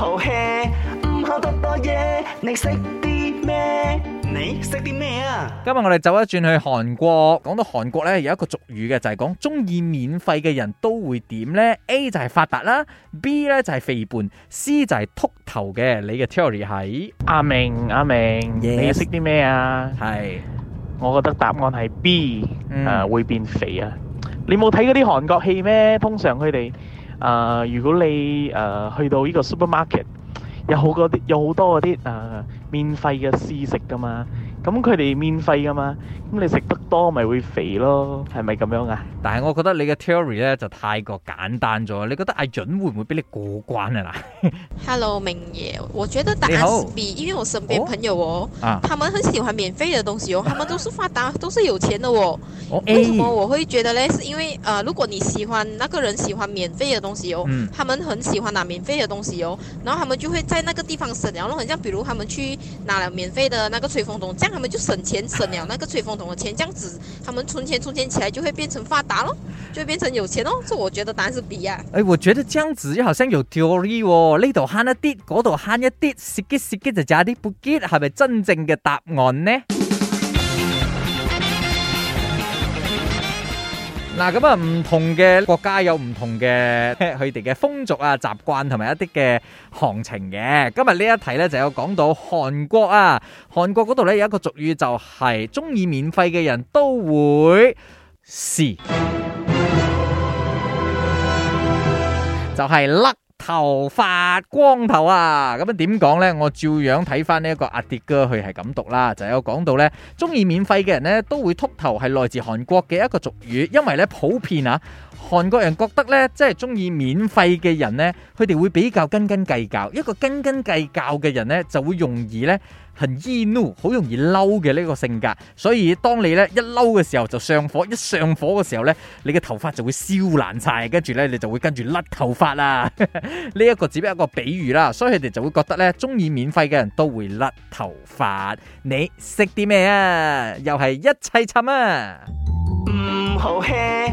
好 h 唔好得多嘢，你識啲咩？你識啲咩啊？今日我哋走一轉去韓國，講到韓國咧有一個俗語嘅，就係講中意免費嘅人都會點咧。A 就係發達啦，B 咧就係肥胖，C 就係禿頭嘅。你嘅 theory 係阿明阿明，阿明 Yes. 你識啲咩啊？係是，我覺得答案係 B，誒、嗯啊、會變肥啊！你冇睇嗰啲韓國戲咩？通常佢哋。誒、呃，如果你誒、呃、去到呢個 supermarket，有好啲，有好多嗰啲誒免費嘅試食㗎嘛。咁佢哋免費㗎嘛？咁你食得多咪會肥咯？係咪咁樣啊？但係我覺得你嘅 theory 咧就太過簡單咗。你覺得阿準會唔會俾你過關啊？啦 ，Hello 明爺，我覺得答案是 B，因為我身邊朋友哦，啊，他們很喜歡免費嘅東西哦，他們都是發達， 都是有錢的哦。我誒，為什麼我會覺得咧？是因為啊、呃，如果你喜歡，那個人喜歡免費嘅東西哦，嗯，他們很喜歡拿免費嘅東西哦，然後他們就會在那個地方省，然後很像，比如他們去拿了免費的那個吹風筒，他們就省錢省了那個吹風筒的錢，這樣子他們存錢存錢起來就會變成發達咯，就會變成有錢咯。所以我覺得答案是 B 呀。哎，我覺得這樣子好像有道理喎，呢度慳一啲，嗰度慳一啲，蝕嘅蝕嘅就加啲不蝕，係咪真正嘅答案呢？嗱，咁啊，唔同嘅國家有唔同嘅佢哋嘅風俗啊、習慣同埋一啲嘅行情嘅。今日呢一題呢就有講到韓國啊，韓國嗰度呢有一個俗語就係中意免費嘅人都會蝕，就係甩。頭髮光頭啊，咁樣點講呢？我照樣睇翻呢一個阿迪哥，佢係咁讀啦，就有講到呢，中意免費嘅人呢都會禿頭，係來自韓國嘅一個俗語，因為呢普遍啊。韓國人覺得咧，即係中意免費嘅人呢，佢哋會比較斤斤計較。一個斤斤計較嘅人呢，就會容易呢，係易怒，好容易嬲嘅呢個性格。所以當你呢一嬲嘅時候，就上火；一上火嘅時候呢，你嘅頭髮就會燒爛晒。跟住呢，你就會跟住甩頭髮啦。呢一個只不過一個比喻啦，所以佢哋就會覺得呢中意免費嘅人都會甩頭髮。你識啲咩啊？又係一切沉啊！唔好 h